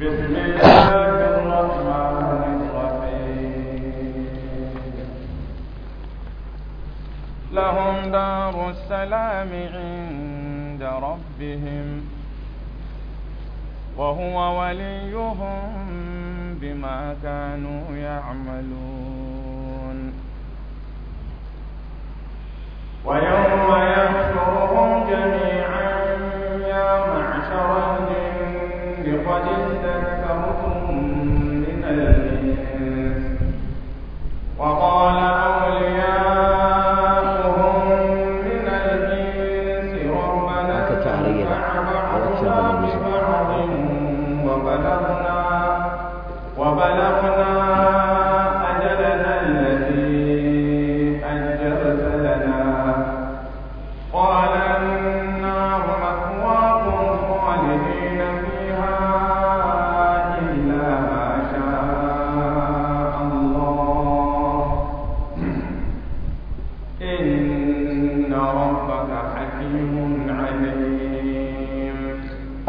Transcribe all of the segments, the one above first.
بسم الله الرحمن الرحيم لهم دار السلام عند ربهم وهو وليهم بما كانوا يعملون ويوم يحشرهم جميعا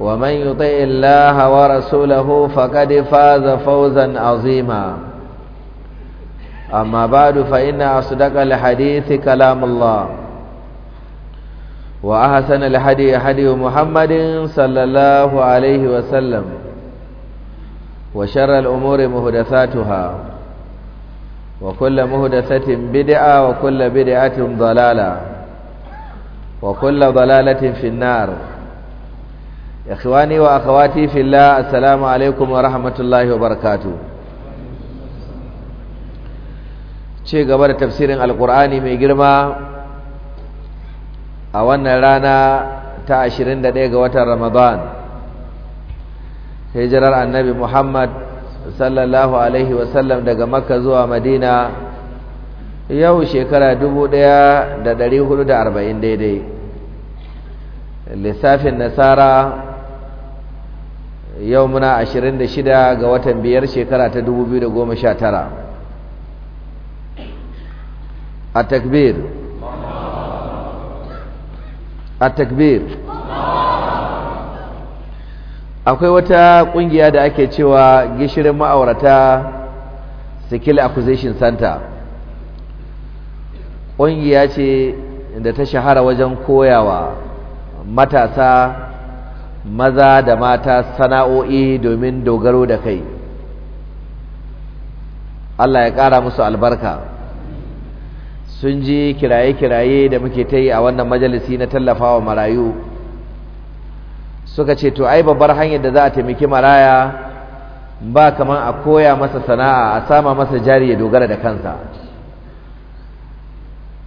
ومن يطع الله ورسوله فقد فاز فوزا عظيما أما بعد فإن أصدق الحديث كلام الله وأحسن الحدي حدي محمد صلى الله عليه وسلم وشر الأمور مهدثاتها وكل مهدثة بدعة وكل بدعة ضلالة وكل ضلالة في النار ikhwani wa akhawati fillah assalamu alaikum wa rahmatullahi wa barakatuh ce gaba da tafsirin alkur'ani mai girma a wannan rana ta 21 ga watan ramadan hijirar annabi muhammad sallallahu alaihi wasallam daga makka zuwa madina yau shekara 1440 daidai lissafin nasara yau muna 26 ga watan biyar shekara ta 2019 a takbir a takbir akwai wata kungiya da ake cewa gishirin ma'aurata skill acquisition center kungiya ce da ta shahara wajen koyawa matasa maza da mata sana'o'i domin dogaro da kai Allah ya ƙara musu albarka sun ji kiraye-kiraye da muke ta yi a wannan majalisi na tallafawa marayu suka ce to ai babbar hanyar da za a taimaki maraya ba kamar a koya masa sana'a a sama masa jari ya dogara da kansa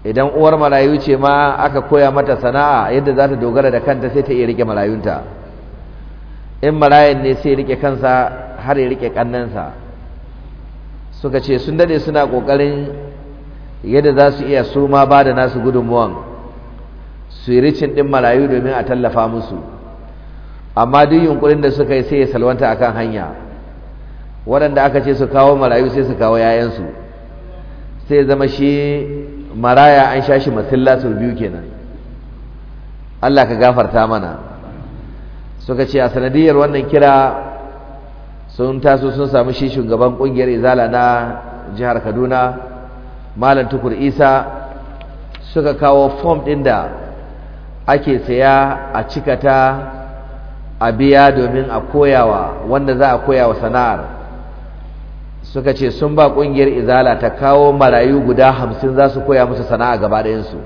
idan uwar marayu ce ma aka koya mata sana'a yadda za ta dogara da kanta sai ta iya rike marayunta in marayan ne sai rike kansa har ya rike kannansa suka ce sun dade suna kokarin yadda za su iya su ma ba da nasu gudunmuwan su yi ricin ɗin marayu domin a tallafa musu amma duk yunkurin da suka yi sai ya salwanta akan hanya waɗanda aka ce su kawo marayu sai su kawo yayansu sai zama shi maraya an sha shi masu biyu kenan Allah ka gafarta mana suka ce a sanadiyar wannan kira sun taso sun samu shi shugaban kungiyar izala na jihar kaduna malam tukur isa suka kawo fom ɗin da ake saya a cikata a biya domin a koyawa wanda za a koyawa sana'ar suka ce sun ba kungiyar izala ta kawo marayu guda hamsin za su koya musu sana'a gaba ɗayansu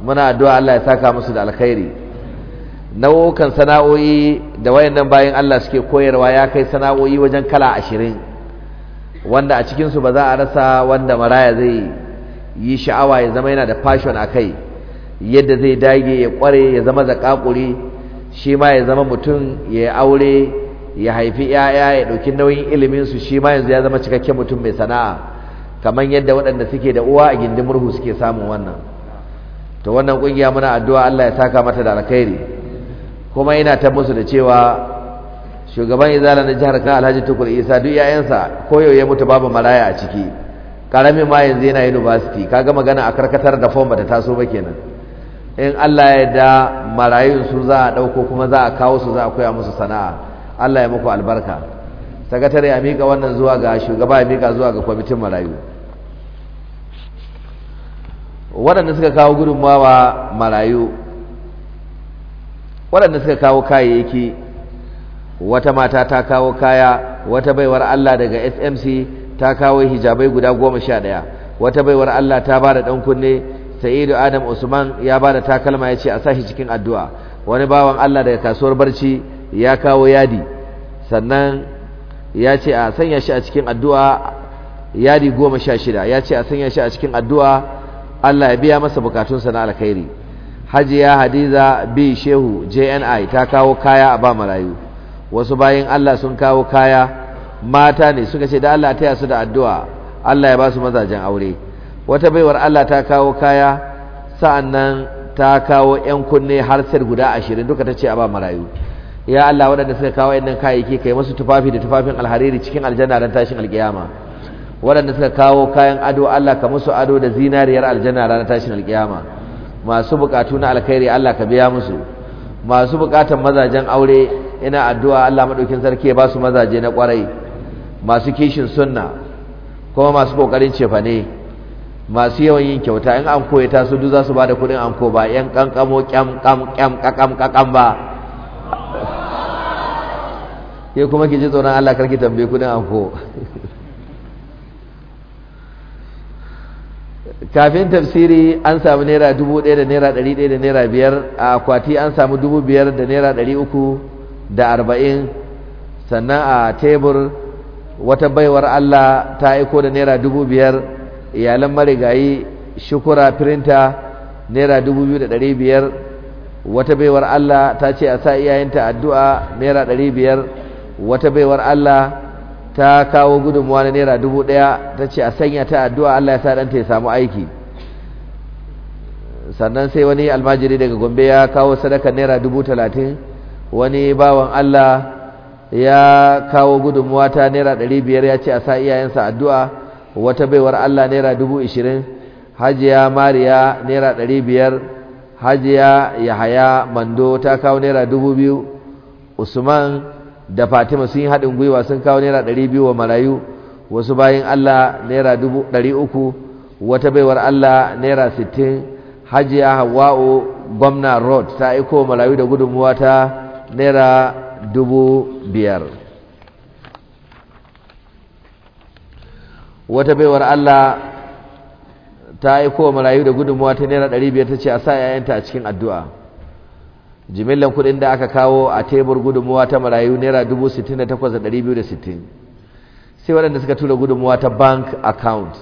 muna addu'a Allah ya saka musu da alkhairi nau'ukan sana'o'i da wayannan bayan Allah suke koyarwa ya kai sana'o'i wajen kala ashirin wanda a cikinsu ba za a rasa wanda maraya zai yi sha'awa ya zama yana da fashon a kai yadda zai dage ya kware ya zama zakakuri shi ma ya zama mutum ya yi aure ya haifi 'ya'ya ya ɗauki nauyin iliminsu shi ma yanzu ya zama cikakken mutum mai sana'a kamar yadda waɗanda suke da uwa a gindin murhu suke samun wannan to wannan ƙungiya muna addu'a Allah ya saka mata da alkhairi kuma yana ta musu da cewa shugaban izala na jihar kan alhaji tukur isa duk yayansa koyo ya mutu babu maraya a ciki karamin ma yanzu yana university kaga magana a karkatar da fom bata taso ba kenan in Allah ya yarda marayun su za a dauko kuma za a kawo su za a koya musu sana'a Allah ya muku albarka sakatare ya mika wannan zuwa ga shugaba ya mika zuwa ga kwamitin marayu waɗanda suka kawo gudunmawa marayu waɗanda suka kawo kayayyaki wata mata ta kawo kaya wata baiwar Allah daga SMC ta kawo hijabai guda goma sha ɗaya wata baiwar Allah ta ba da ɗan kunne sa'idu adam usman ya ba da takalma ya ce a sa shi cikin addu'a wani bawan Allah daga kasuwar barci ya kawo yadi sannan ya ce a sanya shi a cikin addu'a yadi goma sha shida ya ce a sanya shi a cikin addu'a Allah ya biya masa bukatunsa na alkhairi hajiya hadiza bi shehu jni ta kawo kaya a ba marayu wasu bayan allah sun kawo kaya mata ne suka ce da allah taya su da addu'a allah ya ba su mazajen aure wata baiwar allah ta kawo kaya sa'annan ta kawo 'yan kunne har sai guda ashirin duka ta ce a ba marayu ya allah waɗanda suka kawo yan kayayyaki kai masu tufafi da tufafin alhariri cikin aljanna ran tashin alkiyama waɗanda suka kawo kayan ado allah ka musu ado da zinariyar aljanna ranar tashin alkiyama masu bukatu na alkhairi Allah ka biya musu masu bukatan mazajen aure ina addu'a Allah madaukin sarki ya ba su mazaje na kwarai masu kishin sunna kuma masu kokarin cefane masu yawan yin kyauta in an koye ta su duk za su da kudin an ko ba yan kankamo kyam kam kyam kakam kakam ba ke kuma ki ji tsoron Allah karki tambaye kudin an ko kafin tafsiri an samu naira dubu ɗaya da naira ɗari ɗaya da naira biyar a akwati an samu dubu biyar da naira ɗari uku da arba'in sannan a tebur wata baiwar Allah ta aiko da naira dubu biyar iyalan marigayi shukura firinta naira dubu biyu da ɗari biyar wata baiwar Allah ta ce a sa iyayenta addu'a naira ɗari biyar wata baiwar Allah ta kawo gudunmuwa na naira dubu ɗaya ta ce a sanya ta addu'a Allah ya sa ɗanta ya samu aiki sannan sai wani almajiri daga gombe ya kawo sadakar naira dubu talatin wani bawan Allah ya kawo gudunmuwa ta naira ɗari biyar ya ce a sa iyayensa addu'a wata baiwar Allah naira dubu ishirin hajiya mariya naira ɗari biyar hajiya yahaya mando ta kawo naira dubu biyu usman da Fatima sun yi haɗin gwiwa sun kawo naira ɗari biyu wa marayu wasu bayan Allah naira dubu ɗari uku wata baiwar Allah naira sittin hajiya hawa'u gwamna road ta aiko marayu da gudunmuwa ta naira dubu biyar wata baiwar Allah ta aiko marayu da gudunmuwa ta naira ɗari biyar ta ce a sa 'ya'yanta a cikin addu'a jimillan kudin da aka kawo a tebur gudunmuwa ta marayu naira 68,260 sai waɗanda suka tura gudunmuwa ta bank account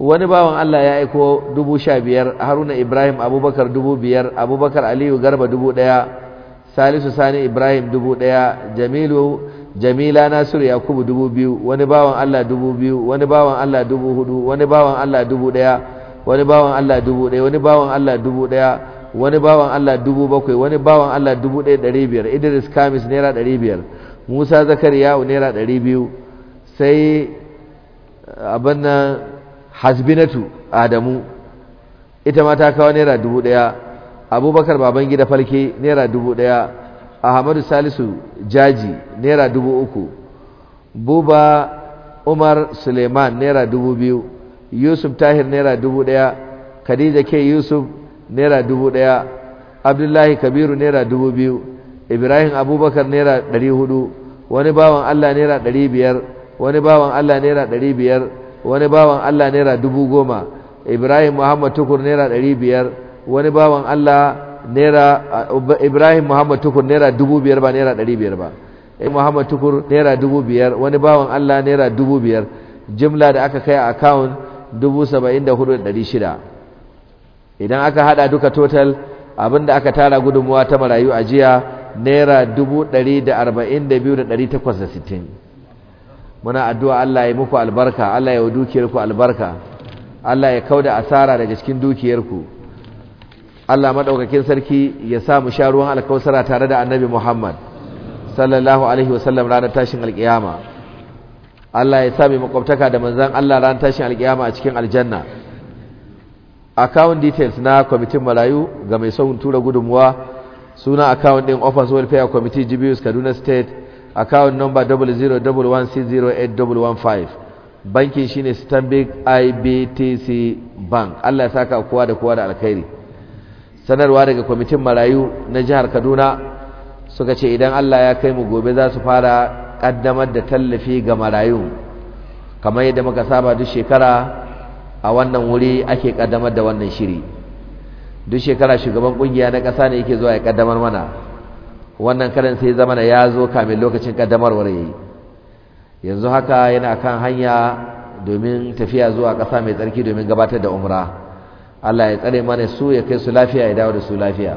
wani bawan Allah ya aiko 15,000 haruna ibrahim abubakar 5,000 abubakar aliyu garba 1,000 salisu sani ibrahim 1,000 jamilu jamila nasiru yakubu 2,000 wani bawan Allah 2,000 wani bawan Allah 4,000 wani bawan Allah 1,000 wani bawan Allah 1,000 wani bawan Allah 1,000 wani bawan Allah dubu bakwai wani bawan Allah dubu ɗaya ɗari biyar Idris Kamis naira ɗari biyar Musa Zakariyawu naira ɗari biyu sai eh, abin nan Hasbinatu Adamu ita ma ta kawo naira dubu ɗaya Abubakar Babangida Falke naira dubu ɗaya Ahmadu Salisu Jaji naira dubu uku Buba Umar Suleiman naira dubu biyu Yusuf Tahir naira dubu ɗaya Khadija K Yusuf naira dubu ɗaya abdullahi kabiru naira dubu biyu ibrahim abubakar naira ɗari hudu wani bawan allah naira ɗari biyar wani bawan allah naira ɗari biyar wani bawan allah naira dubu goma ibrahim muhammad tukur naira ɗari biyar wani bawan allah naira ibrahim muhammad tukur naira dubu biyar ba naira ɗari biyar ba muhammad tukur naira dubu biyar wani bawan allah naira dubu biyar jimla da aka kai a akawun dubu saba'in da hudu da ɗari shida idan aka hada duka total abinda aka tara gudunmuwa ta marayu a jiya naira 142,860 muna addu'a Allah ya muku albarka Allah ya wa dukiyarku albarka Allah ya kauda asara daga cikin dukiyarku Allah maɗaukakin sarki ya sa mu sha ruwan alkausara tare da annabi Muhammad sallallahu alaihi wasallam ranar tashin alkiyama Allah ya sa mu makwabtaka da manzan Allah ranar tashin alkiyama a cikin aljanna account details na kwamitin marayu ga mai son tura gudunmuwa suna account din Offers Welfare Committee GBUs Kaduna State account number 00160815 bankin shine Stanbic IBTC Bank Allah ya saka kowa da kowa da alkhairi sanarwa daga kwamitin marayu na jihar Kaduna suka ce idan Allah ya kai mu gobe za su fara kaddamar da tallafi ga marayu kamar yadda muka saba duk shekara a wannan wuri ake kaddamar da wannan shiri duk shekara shugaban kungiya na kasa ne yake zuwa ya kaddamar mana wannan karin sai zama na ya zo kamin lokacin kaddamarwar yayi yanzu haka yana kan hanya domin tafiya zuwa kasa mai tsarki domin gabatar da umra Allah ya tsare mana su ya kai su lafiya ya dawo da su lafiya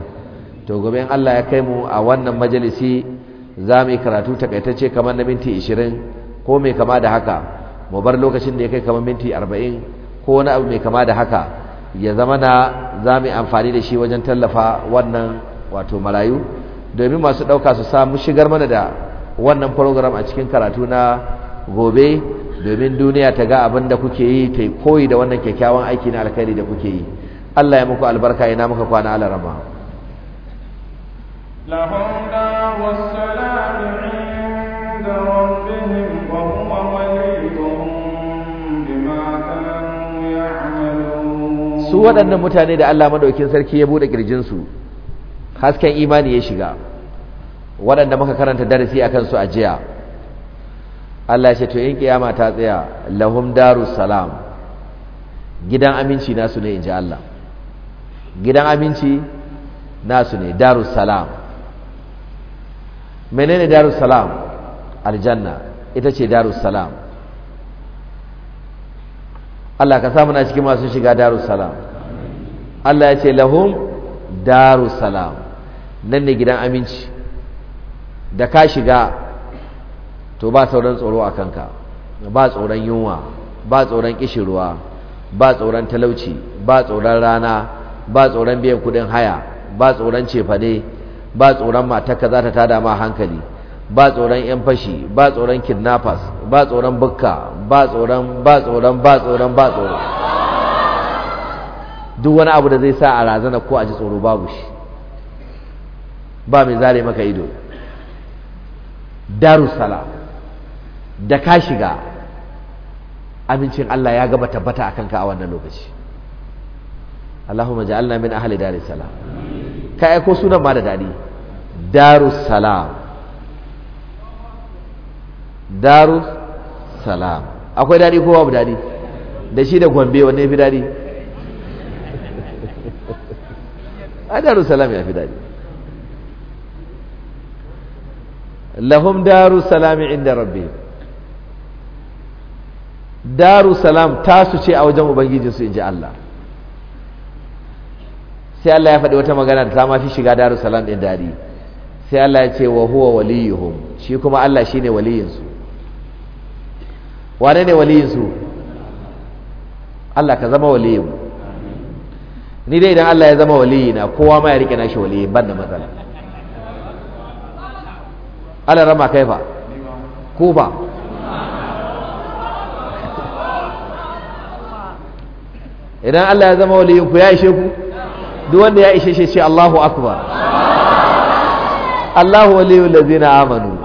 to gobe in Allah ya kai mu a wannan majalisi za mu yi karatu takaitacce kamar na minti 20 ko mai kama da haka mu bar lokacin da ya kai kamar minti 40 ko wani abu mai kama da haka ya zama na za mu amfani da shi wajen tallafa wannan wato marayu domin masu ɗauka su samu shigar mana da wannan program a cikin karatu na gobe domin duniya ta ga abin da kuke yi ta koyi da wannan kyakkyawan aiki na alkhairi da kuke yi Allah ya muku albarka ina muka kwana ala rama su waɗannan mutane da Allah madaukin sarki ya buɗe ƙirjinsu hasken imani ya shiga waɗanda muka karanta darasi a kansu a jiya Allah ya ce to in kiyama ta tsaya lahum darus salam gidan aminci nasu ne inji Allah gidan aminci nasu ne darus salam menene darus salam aljanna ita ce darus salam Allah ka samu na cikin masu shiga salam Allah ya ce lahum salam nan ne gidan aminci da ka shiga to ba sauran tsoro a kanka ba tsoron yunwa ba tsoron kishirwa ba tsoron talauci ba tsoron rana ba tsoron biyan kudin haya ba tsoron cefane ba tsoron matarka za ta tada ma hankali ba tsoron 'yan fashi ba tsoron kidnappers ba tsoron bukka ba tsoron ba tsoron ba tsoron ba tsoron duk wani abu da zai sa a razana ko a ji tsoro babu shi ba mai zare maka ido darussala da ka shiga amincin Allah ya gaba tabbata a kanka a wannan lokaci Allahumma ja'alna min ahli darussalam ka aiko sunan ma da dadi darussalam daru salam akwai daɗi ko babu daɗi da shi da gombe wanne ya fi daɗi a daru salam ya fi daɗi lahum daru salam inda rabbi daru salam tasu ce a wajen ubangijinsu in ji Allah sai Allah ya faɗi wata magana da ta ma fi shiga daru salam ɗin daɗi sai Allah ya ce wa huwa waliyuhum shi kuma Allah shine waliyinsu wane ne waliyin su Allah ka zama waliyin ni dai idan Allah ya zama waliyina kowa ma ya rike nashi waliyin ban da matsala Allah rama kai fa, ko ba idan Allah ya zama waliyin ku ya ishe ku duk wanda ya ishe shi ce Allahu akbar Allahu waliyul ladzina amanu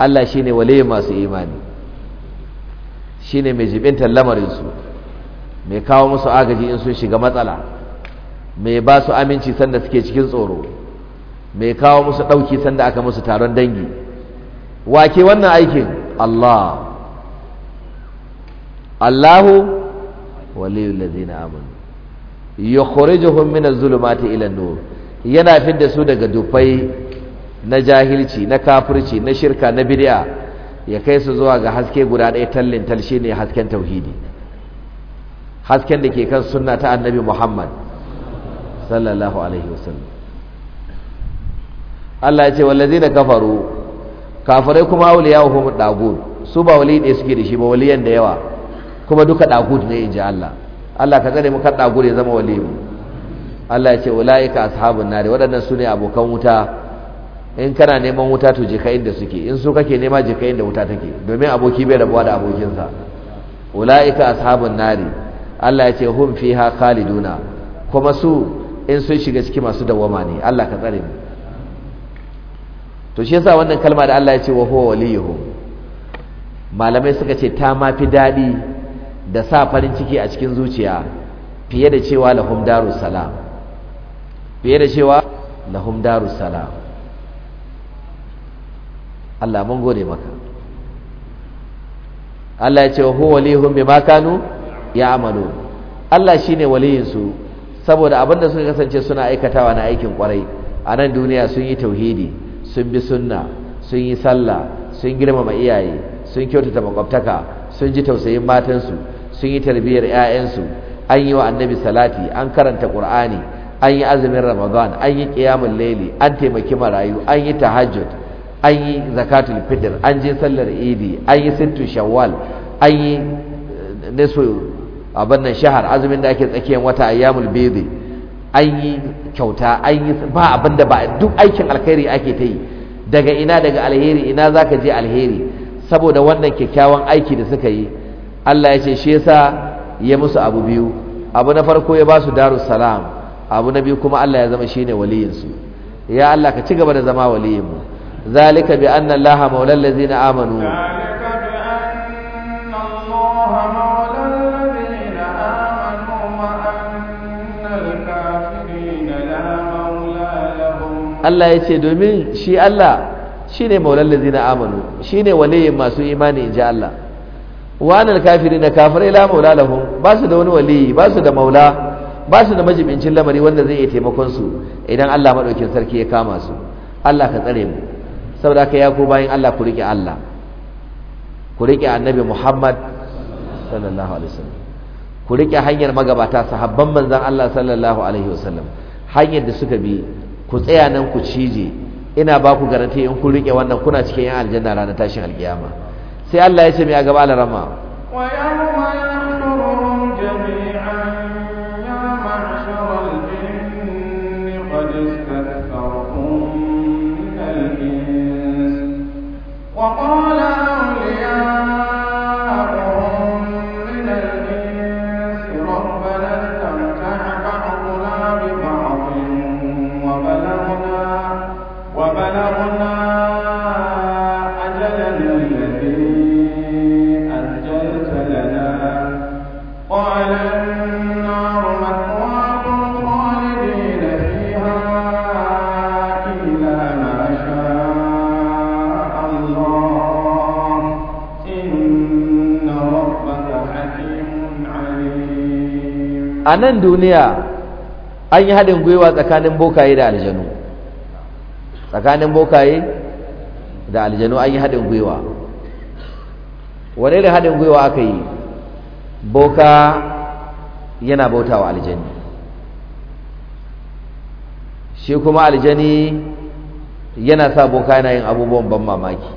Allah shi ne waliyin masu imani shi ne mai jibintar lamarinsu mai kawo musu agaji in sun shiga matsala mai ba su aminci sanda suke cikin tsoro mai kawo musu ɗauki sanda aka musu taron dangi wake wannan aikin Allah Allahu amin ya kori yukhrijuhum minaz zulumati ilan nur yana da su daga dufai na jahilci na kafirci na shirka na bid'a ya kai su zuwa ga haske guda ɗaya tallin tal ne hasken tauhidi hasken da ke kan sunna ta annabi Muhammad sallallahu alaihi wasallam Allah ya ce wallazina kafaru kafirai kuma kuma ɗagun su ba wali ne suke da shi ba waliyan da yawa kuma duka ɗagun ne inji Allah Allah ka tsare mu kan ya zama wali mu Allah ya ce ulaika ashabun nare waɗannan su ne abokan wuta in kana neman wuta to je ka inda suke in so kake nema je ka inda wuta take domin aboki bai rabuwa da abokinsa ulaika ashabun nari Allah ya ce hum fiha khaliduna kuma su in sun shiga ciki masu dawama ne Allah ka tsare mu to shi yasa wannan kalma da Allah ya ce wa huwa waliyuhum malamai suka ce ta ma fi dadi da sa farin ciki a cikin zuciya fiye da cewa lahum darus salam fiye da cewa lahum darus salam Allah mun gode maka Allah ya ce wa huwa walihum bima kanu ya'malu Allah shine waliyin su saboda abinda suka kasance suna aikatawa na aikin kwarai a nan duniya sun yi tauhidi sun bi sunna sun yi sallah sun girmama iyaye sun kyautata makwabtaka sun ji tausayin matansu sun yi tarbiyyar 'ya'yansu an yi wa annabi salati an karanta qur'ani an yi azumin ramadan an yi qiyamul layli an taimaki marayu an yi tahajjud an yi zakatul fitr an je sallar idi an yi sittu shawwal an yi eh, nisu abin nan shahar azumin da ake tsakiyar wata ayyamul bidi an yi kyauta an yi ba abin da ba duk aikin alkhairi ake ta yi daga ina daga alheri ina za ka je alheri saboda wannan kyakkyawan aiki da suka yi Allah ya ce shi yasa ya musu abu biyu abu na farko ya ba su darus salam abu na biyu kuma Allah ya zama shine waliyinsu ya Allah ka ci gaba da zama waliyin mu Zalika bi الله مولى الذين آمنوا Allah ya ce domin shi Allah shi ne maular da zina shi ne wale masu imani in ji Allah Wanan kafiri na kafirai la maula da ba su da wani wale ba su da maula ba su da majibincin lamari wanda zai yi taimakonsu idan Allah maɗaukin sarki ya kama su Allah ka tsare mu saboda ka ya bayan Allah ku rike Allah ku rike annabi Muhammad sallallahu alaihi wasallam ku rike hanyar magabata sahabban manzon Allah sallallahu alaihi wasallam hanyar da suka bi ku tsaya nan ku cije ina ba ku garanti in ku rike wannan kuna cikin yan aljanna ranar tashin alkiyama sai Allah ya ce mai a gaba alarama wa a nan duniya an yi haɗin gwiwa tsakanin bokaye da aljanu tsakanin bokaye da aljanu an yi haɗin gwiwa wane da haɗin gwiwa aka yi boka yana bautawa aljani shi kuma aljani yana sa boka yana yin abubuwan ban mamaki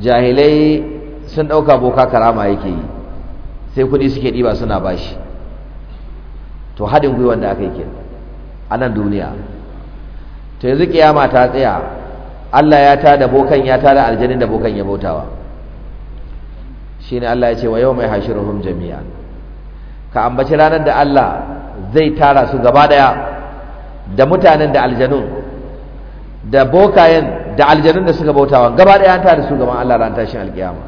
jahilai sun ɗauka boka karama yake yi sai kuɗi suke ɗiba suna bashi to haɗin gwiwan da aka yi ke a nan duniya to yanzu kiyama ta tsaya Allah ya da bokan ya tada aljanin da bokan ya bautawa shi ne Allah ya ce wa hashirin yahshuruhum jami'a. ka ambaci ranar da Allah zai tara su gaba daya da mutanen da aljanun da bokayen da aljanun da suka bautawa gaba daya an tara su gaban Allah ran tashin alkiyama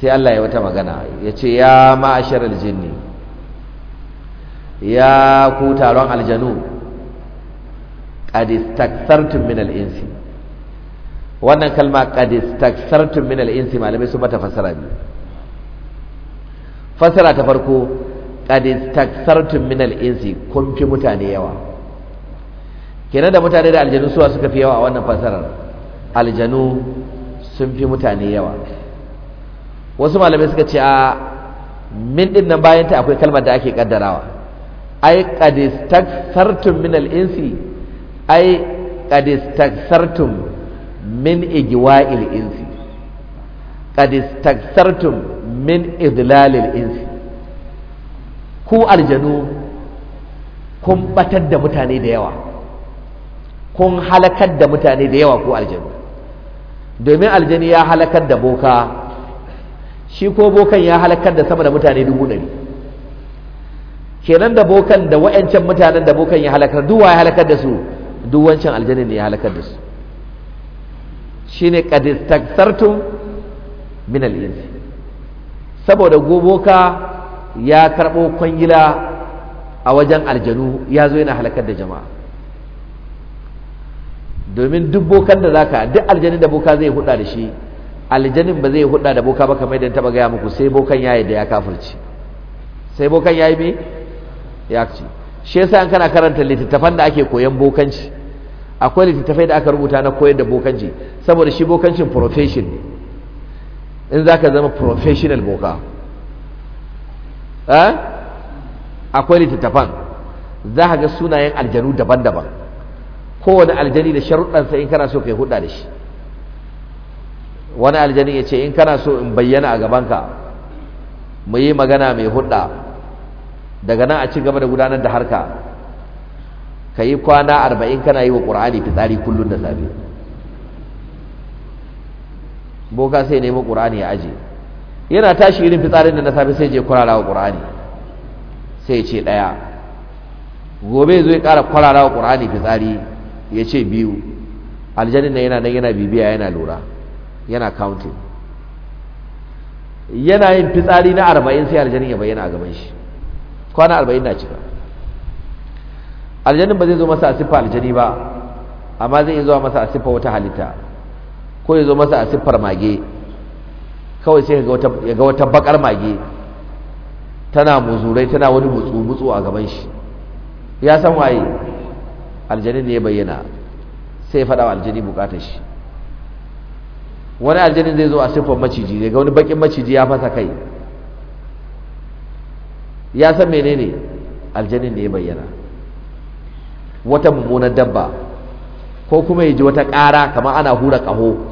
sai Allah ya wata magana ya ce ya ma'ashar aljinni ya ku taron aljanu qadistakthartum min al-insi wannan kalma qadistakthartum min al-insi malamai sun mata fasara biyu fasara ta farko qad min al'insi insi kun fi mutane yawa kenan da mutane da aljanu suwa suka fi yawa a wannan fasarar aljanu sun fi mutane yawa wasu malamai suka ce a min din nan bayan ta akwai kalmar da ake kaddarawa ai qad min al-insi ai qad istakthartum min igwa'il insi qad min idlalil insi ku aljanu kun batar da mutane da yawa kun halakar da mutane da yawa ku aljanu domin aljani ya halakar da boka shi ko bokan ya halakar da sama da mutane dubu ɗari kenan da bokan da wa'ancan mutanen da bokan ya halakar duwa ya halakar da su duwancan aljani ne ya halakar da su shine qad sartun min al-insi saboda goboka ya karɓo kwangila a wajen aljanu ya zo yana halakar da jama'a domin duk bokan da zaka duk aljanin da boka zai huda da shi aljanin ba zai huda da boka ba kamar yadda taba gaya muku sai bokan yayi da ya kafirci sai bokan yayi me ya ci shi yasa in kana karanta littattafan da ake koyan bokanci akwai littattafai da aka rubuta na koyar da bokanci saboda shi bokancin profession ne in za ka zama professional boka eh? akwai littattafan za ka ga sunayen aljanu daban-daban kowane aljani da sharuɗansa in kana so ka yi hudda da shi wani aljani ya ce in kana so in bayyana a gabanka mu yi magana mai hudda daga nan a ci gaba da gudanar da harka ka yi kwana arba'in kana yi wa ƙur'ani fitsari kullum da safe boka sai nemi qur'ani ya aje yana tashi irin fitsarin da na safe sai je wa qur'ani sai ce ɗaya gobe zo ya kara wa qur'ani fitsari ya ce biyu aljanin nan yana nan yana bibiya yana lura yana kauntin yana yin fitsari na arba'in sai aljanin ya bayyana a gaban shi kwana arba'in na cika aljanin ba zai zo masa a siffa aljani ba amma zai iya zuwa masa a siffa wata halitta ko ya zo masa a siffar mage kawai sai ya ga wata bakar mage tana muzurai tana wani mutsu-mutsu a gaban shi ya san waye aljani ne ya bayyana sai ya faɗa wa aljani bukatar shi wani aljani zai zo a siffar maciji zai ga wani bakin maciji ya fasa kai ya san mene ne aljanin ne ya bayyana wata mummunar dabba ko kuma ya ji wata ƙara kamar ana hura ƙaho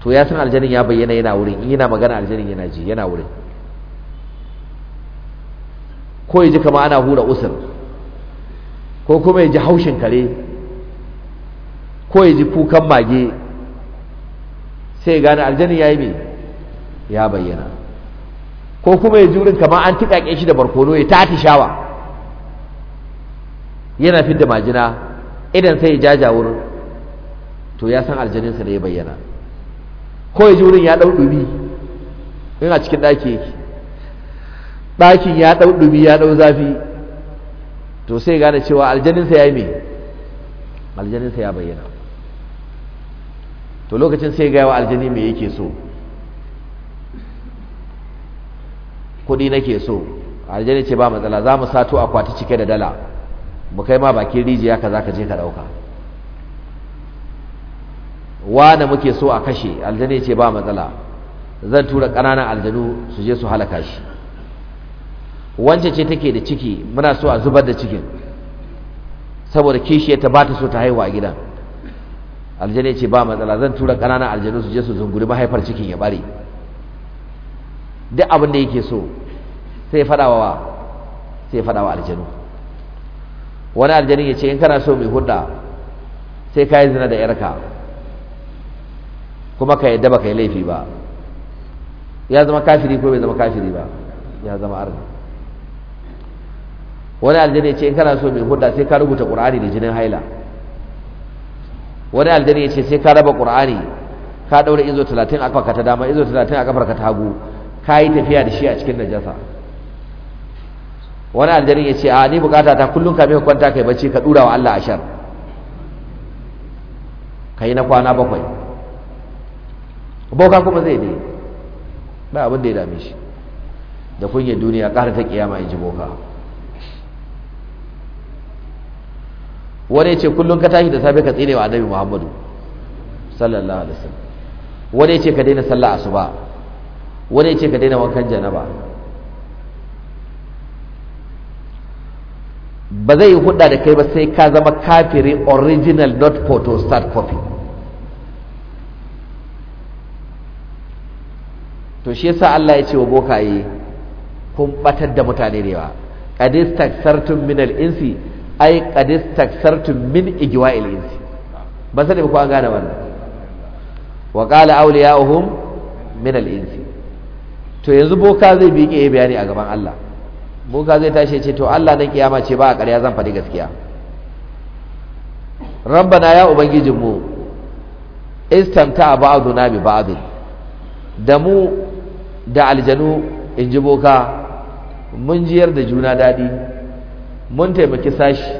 to ya san aljanin ya bayyana yana wurin in yana magana aljanin yana ji yana wurin ko ya ji kama ana hura usul ko kuma ya ji haushin kare ko ya ji kukan mage sai gane aljanin ya yi mai ya bayyana ko kuma ya jurin kama an tiƙaƙe shi da barkono ya tafi shawa yana fidda majina idan sai ya jaja wurin to ya san aljaninsa da ya bayyana ko ya ji wurin ya ɗau ɗumi yana cikin ɗaki yake ɗakin ya ɗau ɗumi ya ɗau zafi to sai gane cewa aljaninsa ya yi me aljaninsa ya bayyana to lokacin sai gaya wa aljani me yake so kuɗi nake so aljani ce ba matsala za mu sato akwati cike da dala mu kai ma baki rijiya ka za ka je ka ɗauka wane muke so a kashe aljani ce ba matsala zan tura ƙananan aljanu su je su halaka shi wance ce take da ciki muna so a zubar da cikin saboda kishiyar ta ba ta so ta haihuwa a gidan aljani ce ba matsala zan tura ƙananan aljanu su je su zunguri mahaifar cikin ya bare duk abin da yake so sai faɗawa sai faɗawa aljanu wani aljani ya ce in kana so mai hudda sai ka yi zina da yarka kuma ka yadda baka yi laifi ba ya zama kafiri ko bai zama kafiri ba ya zama arzi wani aljani ce in kana so mai hudda sai ka rubuta ƙur'ani da jinin haila wani aljani ya ce sai ka raba ƙur'ani ka ɗaure izo talatin a kafarka ta dama izo talatin a kafarka ta hagu ka yi tafiya da shi a cikin najasa wani aljani ya ce a ni bukata ta kullum ka mai kwanta kai bacci ka ɗura wa Allah ashar yi na kwana bakwai boka kuma zai ne ba abin da ya dame shi da kunyar duniya ƙara ta kiyama in ji boka wani ya ce kullum ka tashi da safe ka tsine wa annabi muhammadu sallallahu alaihi wasallam wani ya ce ka daina sallah asuba wani ya ce ka daina wankan janaba ba zai yi hudda da kai ba sai ka zama kafiri original not start copy to shi yasa Allah ya ce wa bokaye kun batar da mutane da yawa qadis taksartum min al-insi ai qadis taksartum min al insi ba sai ku an gane wannan wa qala awliya'uhum min al-insi to yanzu boka zai bi ke bayani a gaban Allah boka zai tashi ce to Allah na kiyama ce ba a ƙarya zan faɗi gaskiya rabbana ya ubangijinmu istamta ba'duna bi ba'd da mu da aljanu in ji boka mun jiyar da juna daɗi mun taimaki sashi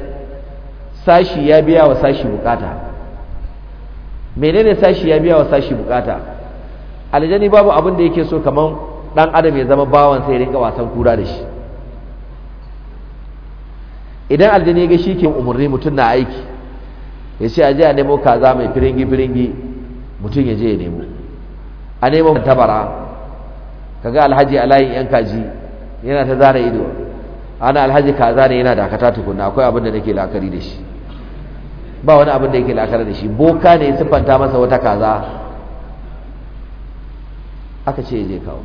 sashi ya biya wa sashi bukata menene sashi ya biya wa sashi bukata aljani babu abin da yake so kamar ɗan adam ya zama bawan sai rinka wasan kura da shi idan aljani ya ga shi ke umarni mutum na aiki ya ce a a nemo kaza mai firingi firingi mutum ya je ya nemo a nemo tabara kaga alhaji a layin yan kaji yana ta zara ido ana alhaji kaza ne yana dakata tukunna akwai abin da nake la'akari da shi ba wani abin da yake la'akari da shi boka ne siffanta masa wata kaza aka ce je kawo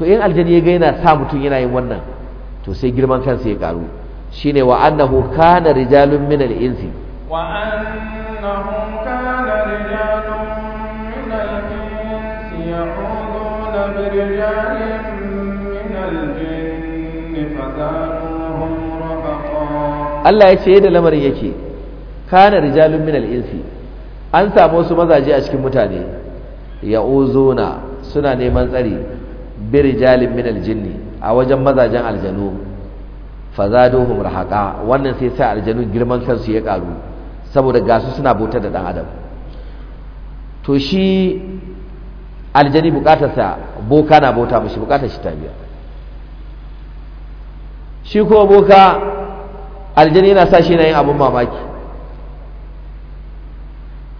to in aljani ya ga yana sa mutum yana yin wannan to sai girman kansa ya karu shine wa annahu kana rijalun min al-insi wa annahum kana rijalun Allah ya ce yadda lamarin yake kana rijalun min al'insi insi an samu wasu mazaje a cikin mutane na suna neman tsari rijalun min al-jinni a wajen mazajen aljanu fazaduhum rahaqa wannan sai sa aljanu girman kansu ya ƙaru saboda gasu suna bautar da ɗan adam to shi aljani sa boka na bauta mashi bukatar shi ta biya shi ko boka aljani yana sa shi na yin abin mamaki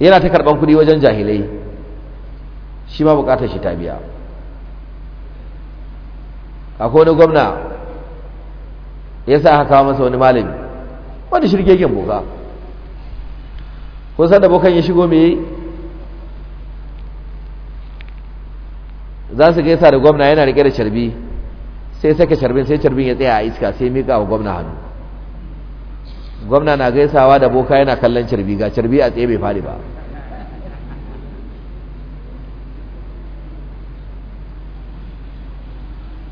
yana ta karban kudi wajen jahilai shi ma bukatar shi ta biya akwai wani gwamna ya sa haka masa wani malami wani shirgegen boka kun san da bokan ya shigo mai za su gaisa da gwamna yana rike da carbi sai sake carbin sai carbin ya tsaya a iska sai mika wa gwamna hannu gwamna na gaisawa da boka yana kallon carbi ga carbi a tsaye bai fadi ba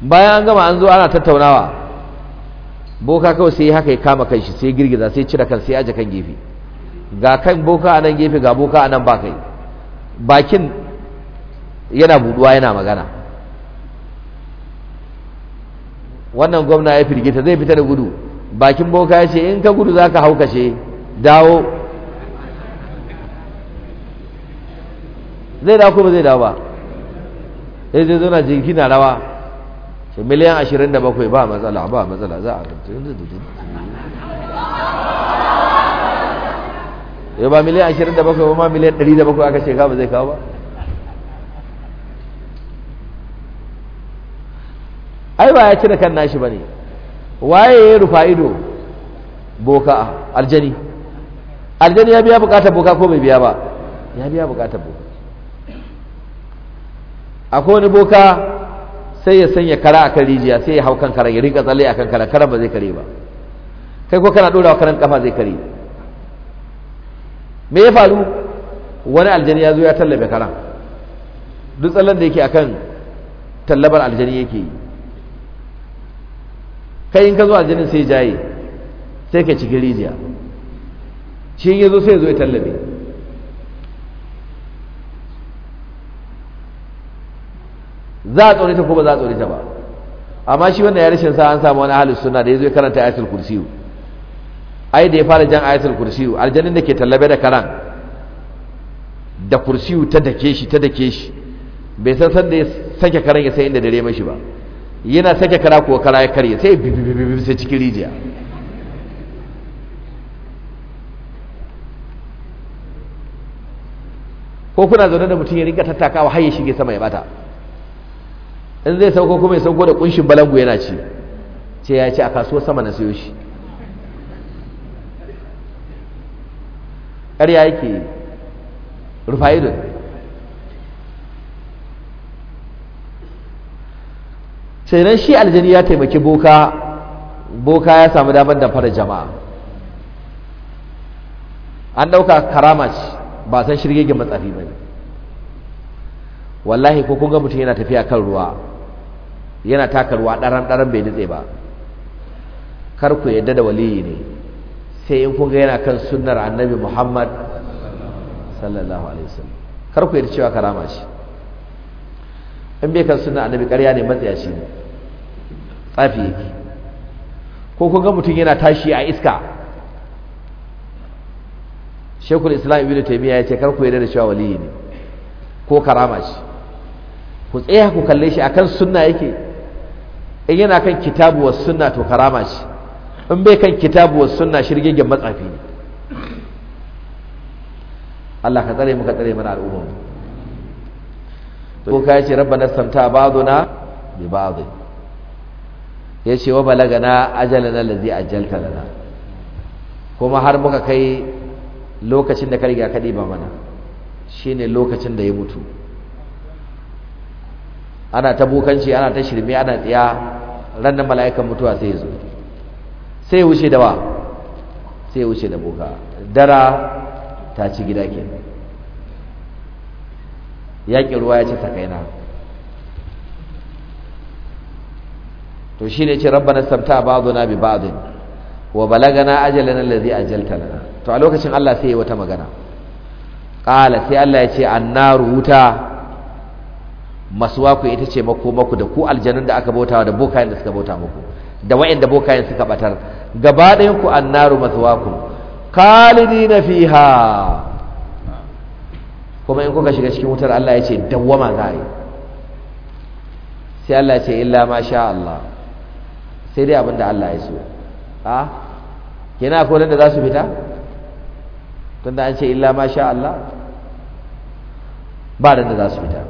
bayan an gama an zo ana tattaunawa boka kawai sai haka ya kama shi sai girgiza sai cire kan sai aje kan gefe ga kan boka a nan gefe ga boka a nan ba kai bakin yana buduwa yana magana wannan gwamna ya firgita zai fita da gudu bakin boka ya ce in ka gudu za ka haukace dawo zai dawo ko ba zai dawo ba sai zai zauna jinki na rawa ce miliyan ashirin da bakwai ba matsala ba matsala za a yau eh, ba miliyan ashirin da bakwai ba ma miliyan ɗari da bakwai aka shekawa ba zai kawo ba ai ba ya cire kan nashi bane waye ya rufa ido boka aljani aljani ya biya bukatar boka ko bai biya ba ya biya bukatar boka akwai wani boka sai ya sanya kara a kan rijiya sai ya hau kan karan ya rinka tsalle a kan karan karan ba zai kare ba kai ko kana ɗora wa karan kafa zai kare me ya faru wani aljani ya zo ya tallabe karan duk tsallan da yake akan tallabar aljani yake yi kai in ka zo aljanin sai jaye sai ka cikin rijiya shi ya zo sai zo ya tallabe za a tsorita ko ba za a tsorita ba amma shi wannan ya rashin sa an samu wani ahalus suna da ya zo ya karanta ayatul kursiyu ai da ya fara jan ayatul kursiyu aljanin da ke tallabe da karan da kursiyu ta dake shi ta dake shi bai san san da ya sake karan ya sai inda dare mashi ba yana sake kara kuwa kara ya karye sai bibibibib sai cikin rijiya ko kuna zaune da mutum ya riga tattakawa har ya shige sama ya bata in zai sauko kuma ya sauko da kunshin balangu yana ci ce ya ci a kasuwar sama na sayo shi ƙarya yake rufa idon sai nan shi aljani ya taimaki boka boka ya samu damar da fara jama'a an ɗauka karama ce ba san shirgegen matsafi ba ne wallahi ko kun ga mutum yana tafiya kan ruwa yana taka ruwa ɗaran ɗaran bai nutse ba kar ku yadda da waliyi ne sai in kun ga yana kan sunnar annabi muhammad sallallahu alaihi wasallam kar ku yadda cewa karama ce in bai kan sunnar annabi ƙarya ne matsaya shi ne tsafi yake ko kuka ga mutum yana tashi a iska shekul islam ibn taimiyya ya ce kar ku yarda da cewa waliyi ne ko karama ce ku tsaya ku kalle shi akan sunna yake in yana kan kitabu wa sunna to karama ce in bai kan kitabu wa sunna shirgegen matsafi ne Allah ka tsare muka tsare mana al'umma ko ka ce rabbana samta ba'duna bi ba'd ya ce wa balagana ajalana lazi ajalta lana kuma har muka kai lokacin da karga riga ba ɗiba mana shine lokacin da ya mutu ana ta bukanci ana ta shirme ana tsiya rannan mala'ikan mutuwa sai ya zo sai ya wuce da wa sai ya wuce da boka dara ta ci gida ke yaƙin ruwa ya ce ta to ne ce rabbana samta na bi ba ba'd wa balagana ajalana allazi ajalta lana to a lokacin Allah sai ya wata magana qala sai Allah ya ce annaru wuta masuwaku ita ce mako maku da ku aljanun da aka bautawa da bokayen da suka bauta muku da wayanda bokayen suka batar gaba ɗayan ku annaru maswaku khalidina fiha kuma in kuka shiga cikin wutar Allah ya ce dawwama za yi sai Allah ya ce illa ma sha Allah sai dai abin da Allah ya so a kenan akwai da za su fita tunda an ce illa ma sha Allah ba da za su fita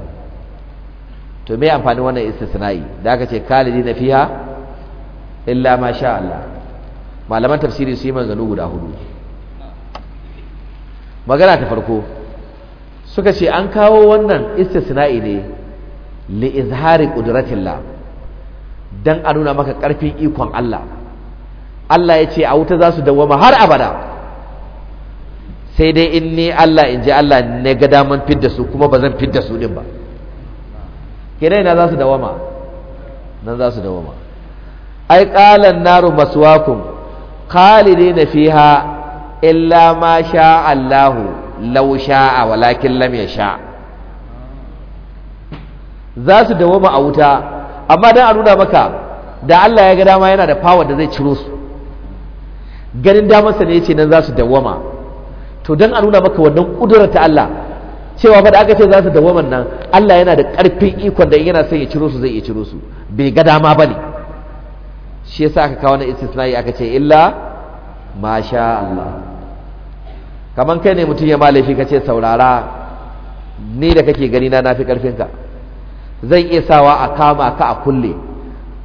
to me amfani wannan istisna'i da aka ce na fiha illa ma sha Allah malaman tafsiri su yi manzanu guda hudu magana ta farko suka ce an kawo wannan istisna'i ne li izhari qudratillah dan a nuna maka ƙarfin ikon Allah Allah ya ce a wuta za su dawama har abada sai dai in ni Allah in ji Allah ne ga daman fidda su kuma ba zan fidda su din ba kenan ina za su dawama nan za su dawama ai qalan naru maswakum khalidina fiha illa ma sha Allahu law sha'a walakin lam yasha za su dawama a wuta amma dan a nuna maka da Allah ya ga dama yana da power da zai ciro su ganin damarsa ne yace nan za su dawwama to don a nuna maka wannan kudurar ta Allah cewa fa da aka ce za su dawwaman nan Allah yana da karfin ikon da yana son ya ciro su zai iya ciro su bai ga dama ba ne shi yasa aka kawo na istisnai aka ce illa masha Allah kaman kai ne mutum ya malafi ka ce saurara ni da kake gani na nafi karfin ka zai iya sawa a kama ka a kulle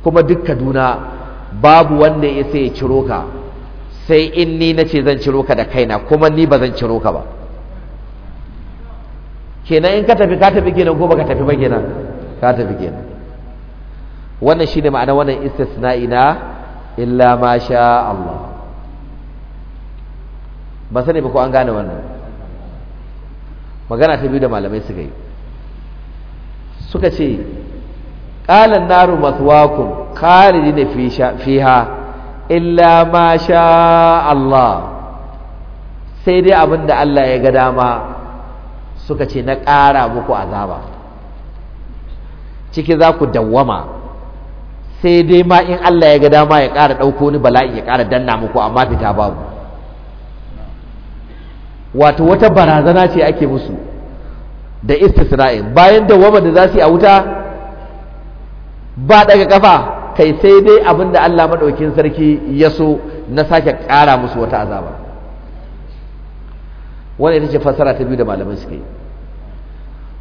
kuma duk kaduna babu wanda ya sai ya ciro ka sai in ni na ce zan ciro ka da kaina kuma ni ba zan ciro ka ba kenan in ka tafi ka tafi kenan ko baka tafi ba kenan ka tafi kenan wannan shine ma'ana wannan istisna'i na illa ma sha Allah ba sani ba ko an gane wannan magana ta biyu da malamai suka yi suka ce ƙalan naru matuwakun khalidi da fiha illa ma sha Allah sai dai abin da Allah ya ga dama suka ce na ƙara muku azaba ciki za ku dawwama sai dai ma in Allah ya ga dama ya ƙara ɗauko ni bala'i ya ƙara danna muku amma fita babu wato wata barazana ce ake musu da istisra'in bayan dawwamar da za su yi a wuta ba daga kafa kai sai dai abin da Allah maɗaukin sarki ya so na sake ƙara musu wata azaba wannan ita ce fassara ta biyu da malamai suke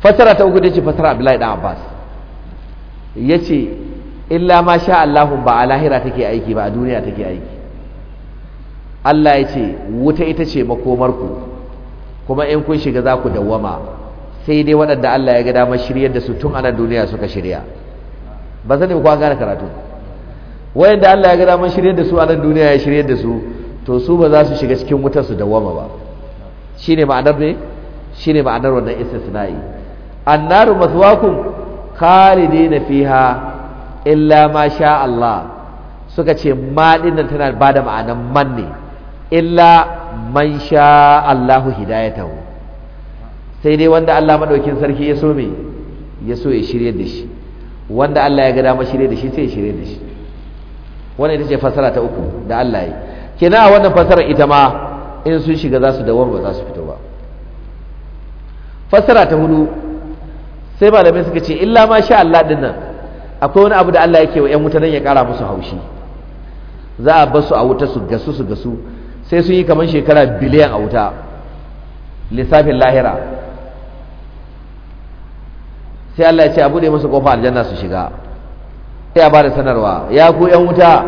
fassara ta uku ita ce fassara Abdullahi dan Abbas yace illa ma sha Allah ba a lahira take aiki ba a duniya take aiki Allah ya ce wuta ita ce makomarku kuma in kun shiga za ku dawwama sai dai waɗanda Allah ya ga damar shiryar da su tun ana duniya suka shirya ba sani ba an gane karatu wayanda Allah ya ga damar shiryar da su ana duniya ya shiryar da su to su ba za su shiga cikin wutar su dawama ba shine ma'anar ne shine ma'anar wannan istisna'i annaru maswakum khalidina fiha illa ma sha Allah suka ce ma dinnan tana bada ma'anar man ne illa man sha Allahu hidayatahu sai dai wanda Allah madaukin sarki ya so me ya so ya shirye da shi wanda Allah ya ga dama shirye da shi sai ya shirye da shi wannan ita ce fasara ta uku da Allah ya kina a wannan fasara ita ma in sun shiga za su dawar ba za su fito ba fasara ta hudu sai malamai suka ce illa ma sha Allah din nan akwai wani abu da Allah yake wa ƴan wuta nan ya ƙara musu haushi za a basu a wuta su gasu su gasu sai sun yi kamar shekara biliyan a wuta lissafin lahira sai Allah ya ce a bude musu kofa aljanna su shiga sai ya bada sanarwa ya ku yan wuta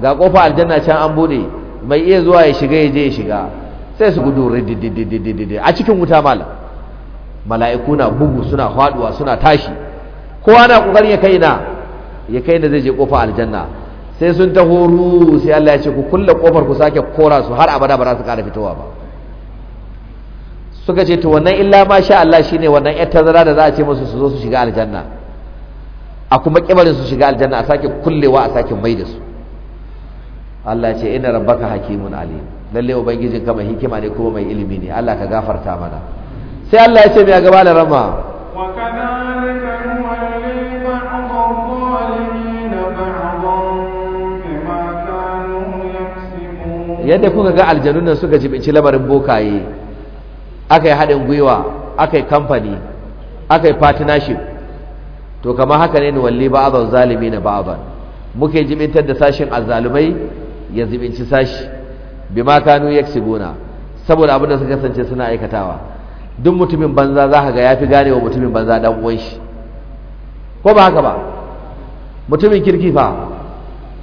ga kofa aljanna can an bude mai iya zuwa ya shiga ya je ya shiga sai su gudu rididididididi a cikin wuta malam mala'iku na bugu suna faduwa suna tashi kowa na kokarin ya kai na ya kai da zai je kofa aljanna sai sun taho ru sai Allah ya ce ku kulle kofar ku sake kora su har abada ba za su kara fitowa ba suka ce to wannan illa ma sha Allah shine wannan yar tazara da za a ce musu su zo su shiga aljanna a kuma kibarin su shiga aljanna a sake kullewa a sake mai da su Allah ce inna rabbaka hakimun alim lalle ubangijin ka mai hikima ne kuma mai ilimi ne Allah ka gafarta mana sai Allah ya ce mai gaba da rama wa kadhalika yadda kuka ga aljanun suka jibinci lamarin bokaye aka yi haɗin gwiwa aka yi kamfani aka yi partnership to kama haka ne walli ba'adhan zalimi na ba'adhan muke jimintar da sashin azalumai ya zibinci sashi ma kanu saboda abin da suka kasance suna aikatawa duk mutumin banza za ka ga yafi ganewa mutumin banza dan uwan shi ko ba haka ba mutumin kirki fa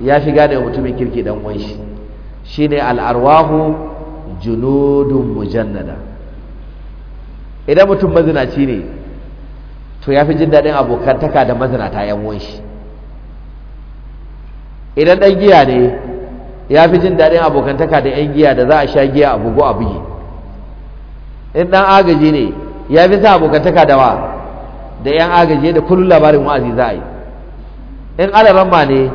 ya fi gane wa mutumin kirki dan uwan shi shine al arwahu junudun mujannada idan mutum mazinaci ne to ya fi jin daɗin abokantaka da mazinata yan uwan shi idan ɗan giya ne ya fi jin daɗin abokantaka da yan giya da za a sha giya a bugu a bugi in ɗan agaji ne ya fi sa abokantaka da wa da yan agaji da kullum labarin wa'azi za a yi in alaramma ne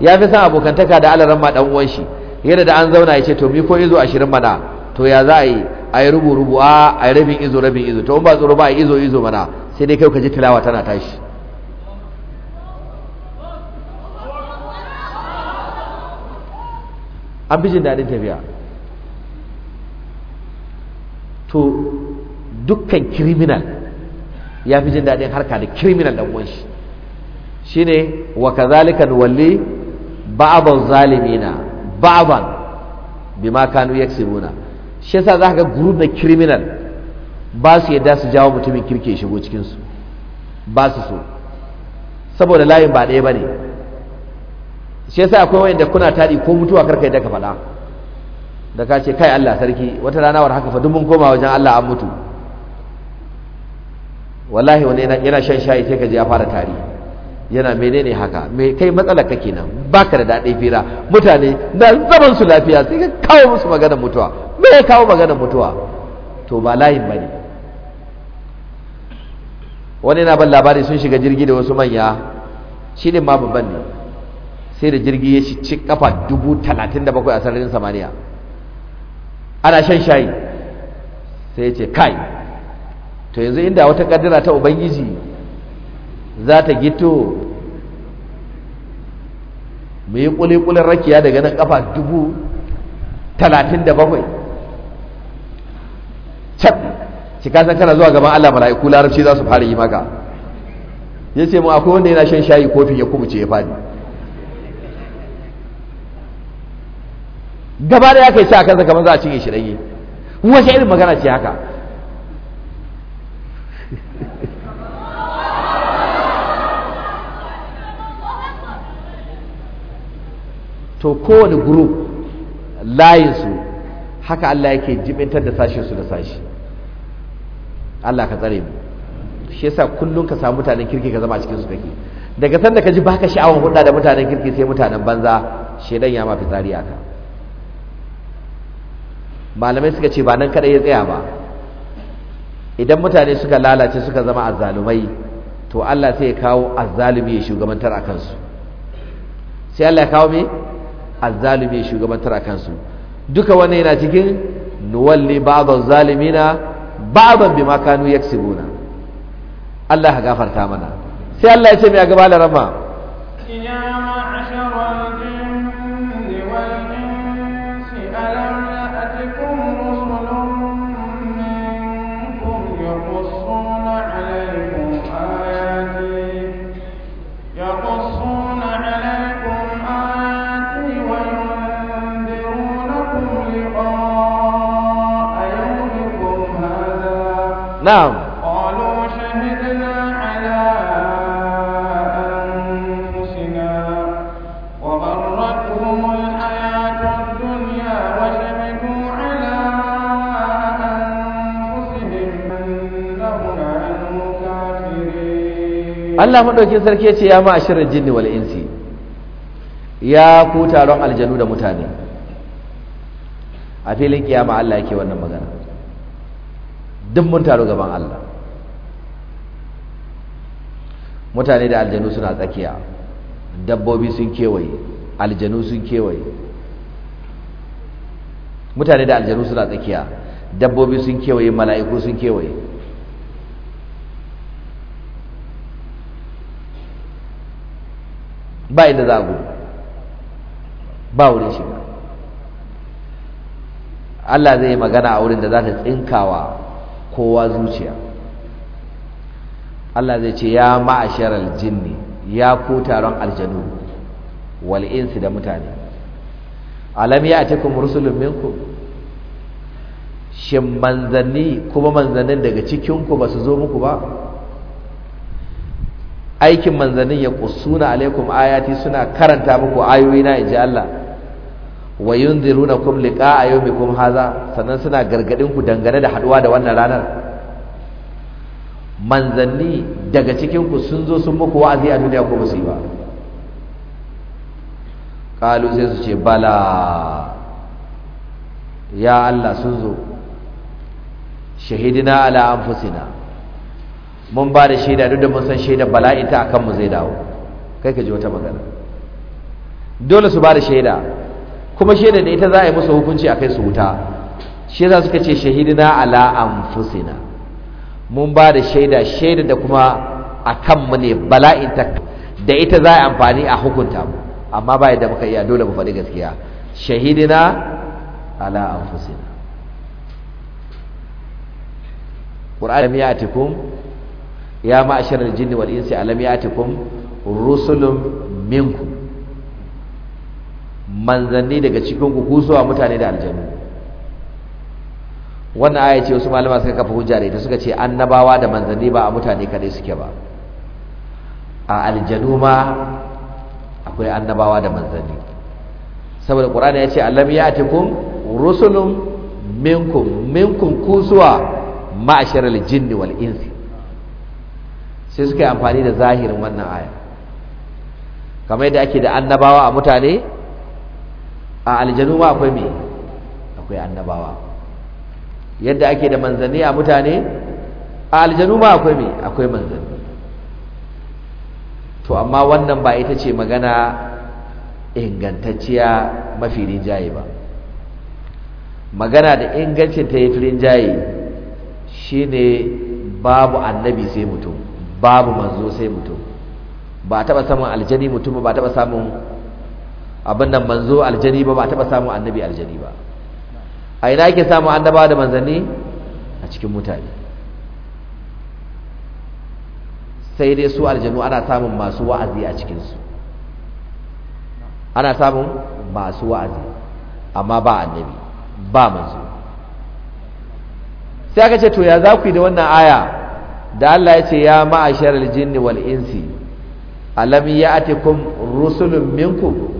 ya fi sa abokantaka da alaramma ɗan uwan shi yadda da an zauna ya ce to mi ko izo ashirin mana to ya za a yi a yi rubu rubu a a yi rabin izo rabin izo to ba tsoro ba a izo izo mana sai dai kai ka ji tilawa tana tashi an jin daɗin tafiya to dukkan criminal ya fi jin daɗin harka da criminal ɗan shi ne wa kazalika walli ba'aban zalimina ba'aban ma kanu yaksibuna shi yasa za ga group na criminal ba su yadda su jawo mutumin kirke shigo cikinsu ba su so saboda layin ba ɗaya ba ne shi yasa akwai wayanda kuna taɗi ko mutuwa karka yadda ka faɗa da ka ce kai Allah sarki wata rana war haka fa mun koma wajen Allah an mutu wallahi wani yana shan shayi sai ka je ya fara tari yana menene haka me kai matsalar ka kenan baka da daɗin fira mutane na zaman su lafiya sai ka kawo musu maganar mutuwa me ya kawo magana mutuwa to ba layin ba ne. wani na ban labari sun shiga jirgi da wasu manya shi ne ma ne sai da jirgi ya ci kafa dubu talatin da bakwai a sararin samaniya ana shan shayi sai ya ce kai to yanzu inda wata kadira ta ubangiji za ta gito mu yi kulikulin rakiya daga nan kafa dubu talatin da bakwai cak cika san kana zuwa gaban Allah mala'iku larabci za su fara yi maka yace mu akwai wanda yana shan shayi kofi ya kubuce ya fadi gaba da ya kai sa kansa kamar za a cinye shi rage wace irin magana ce haka to kowane group layinsu haka Allah yake jibintar da sashensu da sashi Allah ka tsare mu shi yasa kullum ka samu mutanen kirki ka zama a cikin su kake daga sanda ka ji baka sha'awar hudda da mutanen kirki sai mutanen banza shedan ya ma fitsari aka malamai suka ce ba nan kadai ya tsaya ba idan mutane suka lalace suka zama azzalumai to Allah sai ya kawo azzalumi ya shugabantar a kansu sai Allah ya kawo me azzalumi ya shugabantar a kansu duka wannan yana cikin nuwalli az zalimina bi ma kanu yaksibuna Allah ya gafarta mana sai Allah ya ce mai a gaba da rama نعم قالوا شهدنا على أنفسنا وغرتهم الحياة الدنيا وشهدوا على أنفسهم أنهم عنه كافرين الله مدوكي سركي يا معشر الجن والإنس يا كوتا taron الجنود متاني mutane a filin kiyama Allah yake wannan magana duk mun taru gaban Allah mutane da aljanu suna tsakiya dabbobi sun kewaye aljanu sun kewaye mutane da aljanu suna tsakiya dabbobi sun kewaye mala'iku sun kewaye ba inda za a gudu ba wurin shiga Allah zai yi magana a wurin da za ta tsinkawa kowa zuciya Allah zai ce ya ma'asharal jinni ya ku taron aljanu wal'insu da mutane alam kuma rusulun minku shin manzanni kuma manzannin daga cikinku ba su zo muku ba aikin manzannin ya kusuna alaikum ayati suna karanta muku ayoyi na inji Allah wa yunzirunakum liqa'a yawmikum haza sannan suna gargadin ku dangane da haduwa da wannan ranar manzanni daga cikin ku sun zo sun muku wa'azi a duniya ko musu ba qalu sai su ce bala ya Allah sun zo shahidina ala anfusina mun ba da shaida duk da mun san shaida ta akan mu zai dawo kai ka ji wata magana dole su ba da shaida kuma shaida da ita za a yi musu hukunci a kai su wuta shi za suka ce shahidina ala anfusina mun ba da shaida shaida da kuma a kanmu ne bala'in ta da ita za a yi amfani a hukunta mu amma ba yadda muka iya dole mu faɗi gaskiya shahidina ala anfusina qur'an ya atikum ya ma'ashar jini jinni wal insi alam ya'tikum rusulun minkum manzanni daga cikin ku kusuwa mutane da aljanu wannan aya ce wasu malama suka kafa hujja da ita suka ce annabawa da manzanni ba a mutane kadai suke ba a aljanu ma akwai annabawa da manzanni saboda qur'ani ya ce alam ya'tikum rusulun minkum minkum kusuwa ma'asharal jinni wal insi sai suka yi amfani da zahirin wannan aya kamar yadda ake da annabawa a mutane a aljanu ma akwai me akwai annabawa yadda ake da manzanni a mutane a aljanu ma akwai me akwai manzanni to amma wannan ba ita ce magana ingantacciya mafi rinjaye ba magana da ingancin ta yi rinjaye ne babu annabi sai mutum babu manzo sai mutum ba taɓa samun aljani mutum ba taɓa samun abin nan manzo aljani ba ba taɓa samu annabi aljani ba a ina yake samun annaba da manzanni a cikin mutane sai dai su aljanu ana samun masu wa'azi a cikinsu ana samun masu wa'azi amma ba annabi ba manzo sai aka ce to ya za ku yi da wannan aya da Allah ya ce ya ma'ashar wal'insi alam ya ati kun rusulun minku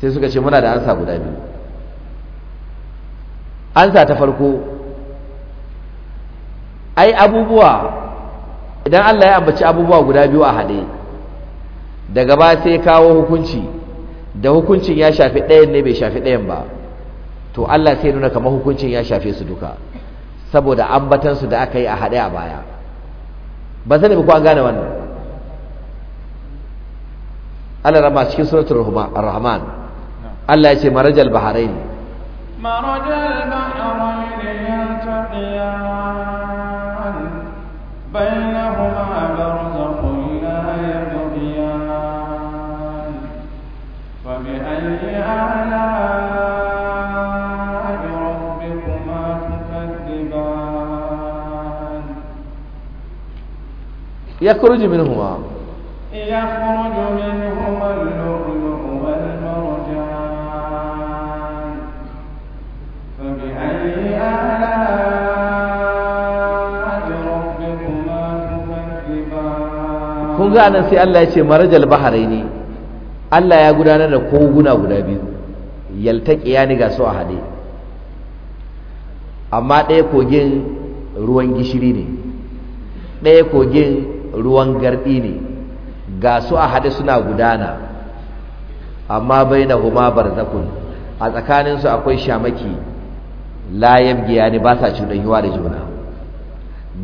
sai suka ce muna da ansa guda biyu ansa ta farko ai abubuwa idan Allah ya ambaci abubuwa guda biyu a haɗe daga ba sai kawo hukunci da hukuncin ya shafi ɗayan ne bai shafi ɗayan ba to Allah sai nuna kamar hukuncin ya shafe su duka saboda ambatansu da aka yi a haɗe a baya ba sani ko an gane wannan Allah rama cikin suratul rahman الله يجي مرج البحرين مرج البحرين يلتقيان بينهما برزق لا يبغيان فبأي آلاء ربكما تكذبان يخرج منهما يخرج منهما اللؤلؤ ga nan sai Allah ya ce marajal baharaini Allah ya gudanar da koguna guda biyu ya niga su a hade amma ɗaya kogin ruwan gishiri ne ɗaya kogin ruwan garɗi ne ga su a hade suna gudana amma bai na bainahuma barzakun a tsakaninsu akwai shamaki giya ne ba sa cuɗanyuwa da juna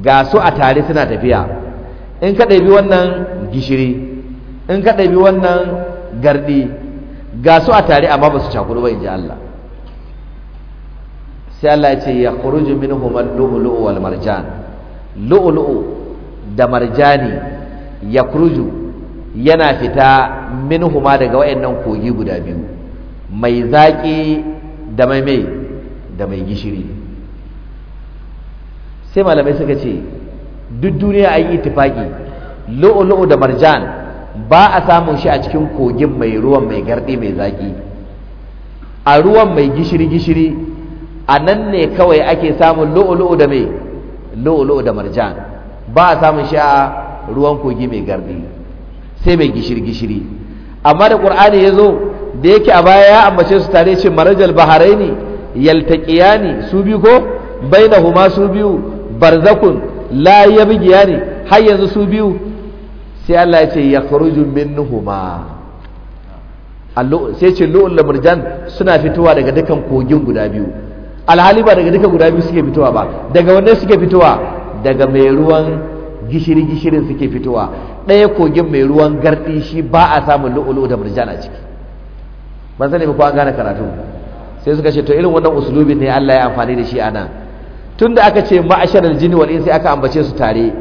ga su a tare suna tafiya in ka ɗabi wannan gishiri in ka ɗabi wannan gardi ga su a tare amma ba su cakuru ba in ji Allah sai Allah ya ce ya kuruji min humar lu'ulu'u wal marjan lu'ulu'u da marjani ya kuruju yana fita min huma daga waɗannan kogi guda biyu mai zaƙi da mai mai da mai gishiri sai malamai suka ce duk duniya a yi tufaƙi lu'ulu'u da marjan ba a samun shi a cikin kogin mai ruwan mai garɗi mai zaƙi a ruwan mai gishiri-gishiri a nan ne kawai ake samun lu'ulu'u da mai da marjan ba a samun shi a ruwan kogi mai garɗi sai mai gishiri-gishiri amma da ƙur'ani ya zo da yake a baya ya ambace su tare ce marajal baharaini ne su biyu ko huma su biyu barzakun la ya bi ne har yanzu su biyu sai Allah ya ce ya kharuju minhuma sai ce lu'ul lamurjan suna fitowa daga dukan kogin guda biyu alhali ba daga duka guda biyu suke fitowa ba daga wanne suke fitowa daga mai ruwan gishiri gishirin suke fitowa ɗaya kogin mai ruwan garɗi shi ba a samun lu'ul da murjan a ciki ban sani ba ko an gane karatu sai suka ce to irin wannan usulubi ne Allah ya amfani da shi a nan tunda aka ce ma'ashar aljini wal insi aka ambace su tare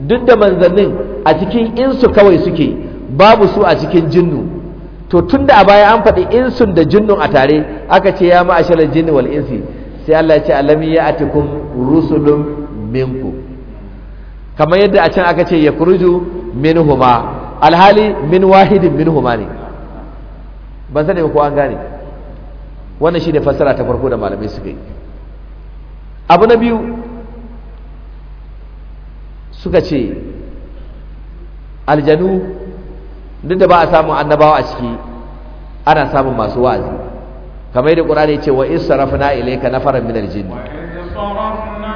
duk da manzannin a cikin insu kawai suke babu su a cikin jinnu to tunda a baya an faɗi insun da jinnun a tare aka ce ya ma'ashar aljini wal insi sai Allah ya ce ya atikum rusulun minku. kamar yadda a can aka ce ya kuruju minhuma alhali min wahidin minhuma ne ban sani ko an gane wannan shi ne fassara ta farko da malamai suka yi abu na biyu suka ce aljanu duk da ba a samun annabawa a ciki ana samun masu wa'azi kamar yadda ƙura ne ce wa in sarafna ilayka na na aljinni wa in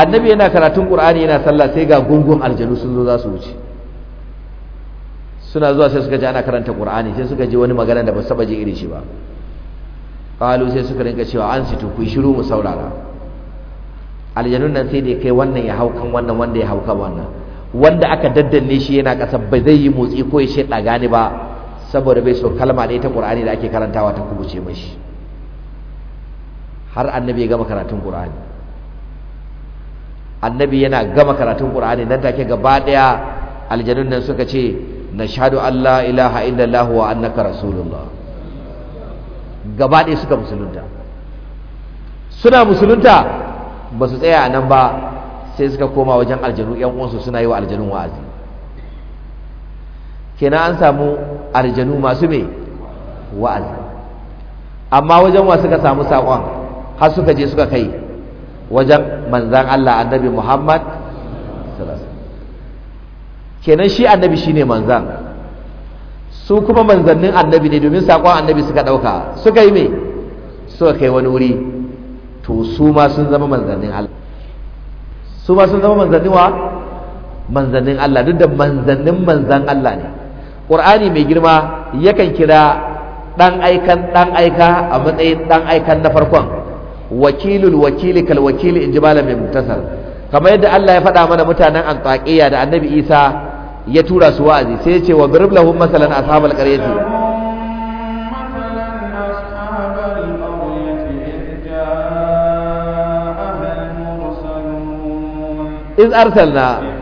annabi yana karatun qur'ani yana sallah sai ga gungun aljanu sun zo za su wuce suna zuwa sai suka ji ana karanta qur'ani sai suka ji wani magana da ba saba ji irin shi ba qalu sai suka rinka cewa an situ ku shiru mu saurara aljanun nan sai da kai wannan ya haukan wannan wanda ya hauka wannan wanda aka daddanne shi yana ƙasa ba zai yi motsi ko ya shi daga ni ba saboda bai so kalma ne ta qur'ani da ake karantawa ta kubuce mashi har annabi ya gama karatun qur'ani annabi yana gama karatun qur'ani nan take gaba daya aljanun nan suka ce nashhadu alla ilaha illallah wa annaka rasulullah gaba daya suka musulunta suna musulunta ba su tsaya a nan ba sai suka koma wajen aljanu yan uwansu suna yi wa aljanun wa'azi kenan an samu aljanu masu me wa'azi amma wajen wa suka samu saƙon har suka je suka kai wajen manzan Allah annabi Muhammad kenan shi annabi shine manzan su kuma manzannin annabi ne domin sakon annabi suka ɗauka suka yi me suka kai wani wuri to su ma sun zama manzannin Allah su ma sun zama manzannin wa manzannin Allah duk da manzannin manzan Allah ne ƙur'ani mai girma yakan kira ɗan aikan ɗan aika a matsayin ɗan aikan na farkon wakilul wakili kal wakili in ji malamin muktasar kamar yadda Allah ya faɗa mana mutanen antakiya da annabi isa ya tura su wa'azi sai ya ce wa birib lahum masalan ashabal qaryati iz arsalna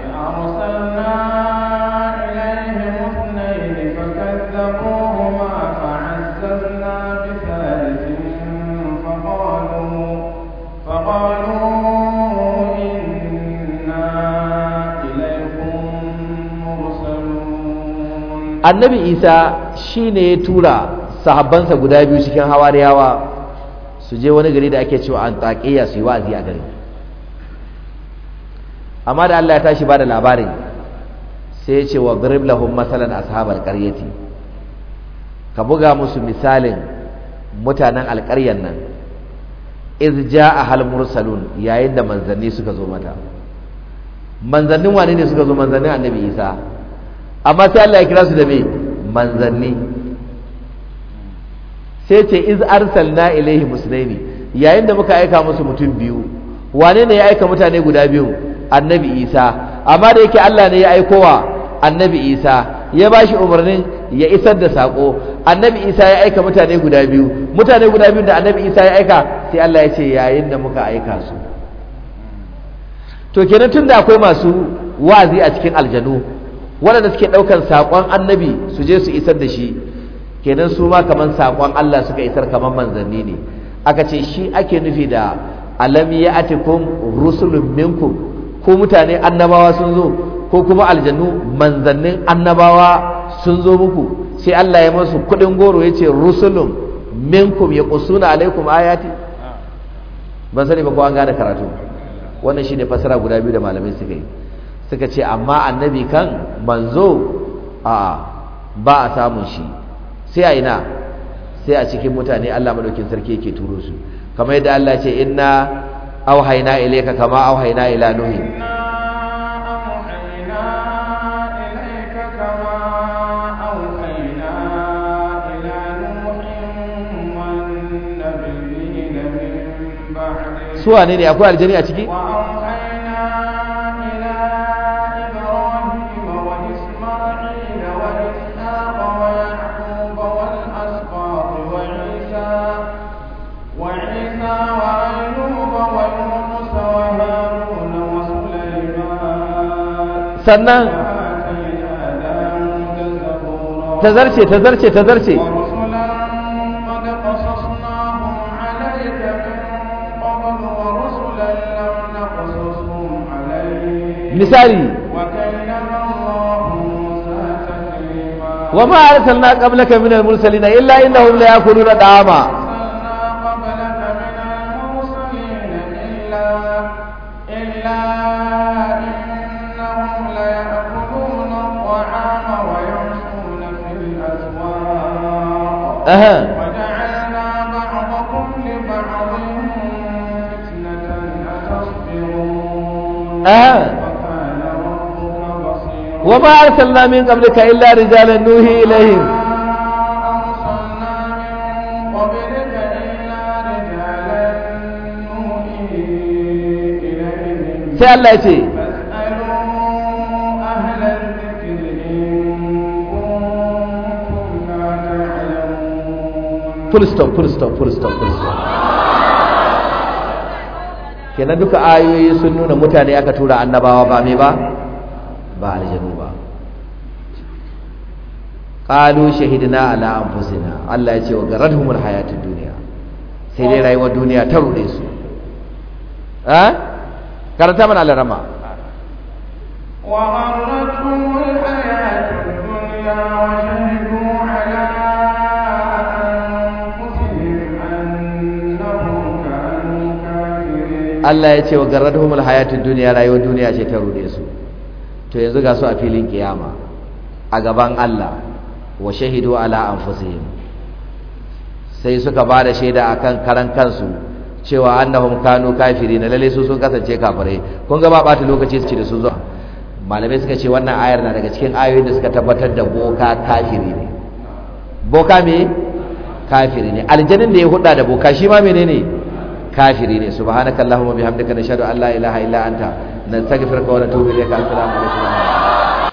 annabi isa shi ne ya tura sahabbansa guda biyu cikin hawa hawariyawa su je wani gari da ake cewa an taƙiya su yi wa'azi a gari amma da allah ya tashi ba da labarin sai ya ce wa grib lahum a ashabar qaryati ka buga musu misalin mutanen alƙaryar nan izja a halmur mursalun yayin da manzanni suka zo mata manzannin wane ne suka zo manzannin annabi isa amma sai Allah ya kira su da me manzanni sai ce iz arsalna ilaihi musnaini yayin da muka aika musu mutum biyu wane ne ya aika mutane guda biyu annabi isa amma da yake Allah ne ya aikowa annabi isa ya ba shi umarnin ya isar da sako annabi isa ya aika mutane guda biyu mutane guda biyu da annabi isa ya aika sai Allah ya ce yayin da muka aika su to kenan tunda akwai masu wa'azi a cikin aljanu waɗanda suke ɗaukar saƙon annabi su je su isar da shi kenan su ma kamar saƙon Allah suka isar kamar manzanni ne aka ce shi ake nufi da alam ya kun rusulun minkum ko mutane annabawa sun zo ko kuma aljannu manzannin annabawa sun zo muku sai Allah ya masu kuɗin goro ya ce rusulun minkum ya kusuna alaikum ayati ban sani ba ko an gane karatu wannan shi ne fasara guda biyu da malamai suka yi suka ce amma annabi kan manzo a ba a samun shi sai a ina sai a cikin mutane Allah madaukin sarki yake turo su kamar yadda Allah ce inna auhayna ilayka kama auhayna ila nuhi suwa ne ne akwai aljani a ciki sannan ta zarce ta zarce ta zarce misali wa ma arsalna qablaka minal mursalin illa innahum la yakuluna da'ama أها وجعلنا بعضكم لبعض فتنة أتصبرون أها وكان ربك بصيرا وما أرسلنا من قبلك إلا رجالا نوحي إليهم sai Allah ya ce fulistan fulistan fulistan fulistan kenan duka ayoyi sun nuna mutane aka tura annabawa ba me ba ba aljanu ba qalu shahidna ala anfusina Allah ya ce wa garadhumul hayatid dunya sai dai rayuwar duniya ta rude su eh karanta mana alarama wa Allah ya ce wa garradhum alhayatud dunya rayuwar duniya ce ta rude su to yanzu ga su a filin kiyama a gaban Allah wa shahidu ala anfusihim sai suka ba da shaida akan karan kansu cewa annahum kanu kafirin lalle su sun kasance kafirai kun ga ba lokaci su ci da su zuwa malamai suka ce wannan ayar na daga cikin ayoyin da suka tabbatar da boka kafiri ne boka me kafiri ne aljanin da ya hudda da boka shi ma menene ne kafiri ne subhanakallahumma bihamdika nashhadu an la ilaha illa anta nastaghfiruka wa natubu ilayka assalamu alaikum